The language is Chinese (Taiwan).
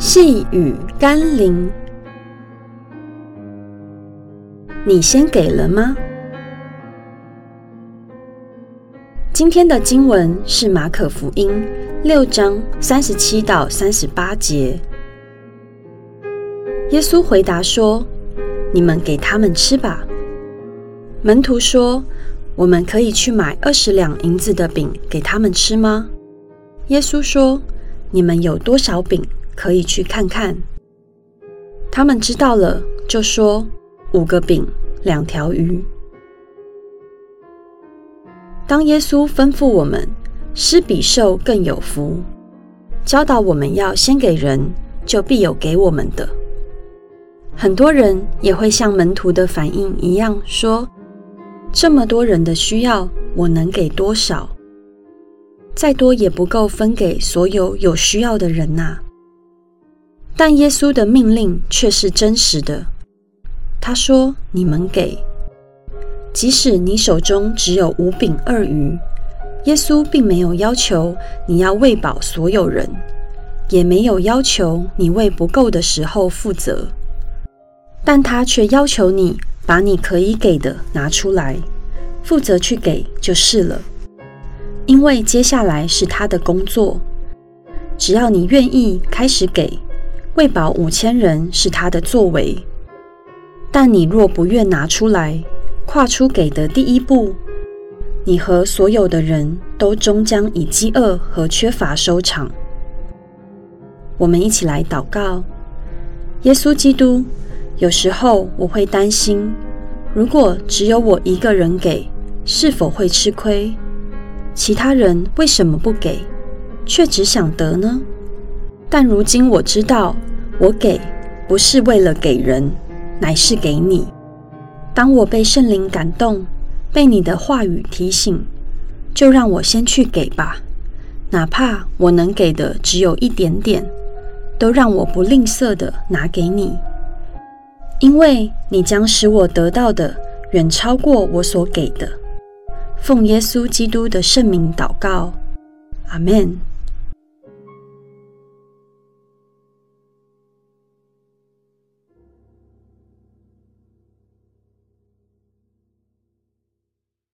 細語甘霖，你先給了嗎？今天的經文是《馬可福音》六章三十七到三十八節。耶穌回答說：“你們給他們吃吧。”門徒說：“我們可以去買二十兩銀子的餅給他們吃嗎？”耶穌說：“你們有多少餅？”可以去看看。他們知道了，就說五個餅、兩條魚。當耶穌吩咐我們施比受更有福，教導我們要先給人，就必有給我們的。很多人也會像門徒的反應一樣說：“這麼多人的需要，我能給多少？再多也不夠分給所有有需要的人吶、啊。”但耶穌的命令卻是真實的。他說：“你們給，即使你手中只有五餅二魚。”耶穌並沒有要求你要餵飽所有人，也沒有要求你為不夠的時候負責，但他卻要求你把你可以給的拿出來，負責去給就是了。因為接下來是他的工作。只要你願意開始給。餵飽五千人是他的作為，但你若不願拿出來，跨出給的第一步，你和所有的人都終將以飢餓和缺乏收場。我們一起來禱告：耶穌基督，有時候我會擔心，如果只有我一個人給，是否會吃虧？其他人為什麼不給，卻只想得呢？但如今我知道，我給不是為了給人，乃是給你。當我被聖靈感動，被你的話語提醒，就讓我先去給吧。哪怕我能給的只有一點點，都讓我不吝嗇地拿給你，因為你將使我得到的遠超過我所給的。奉耶穌基督的聖名禱告，阿們！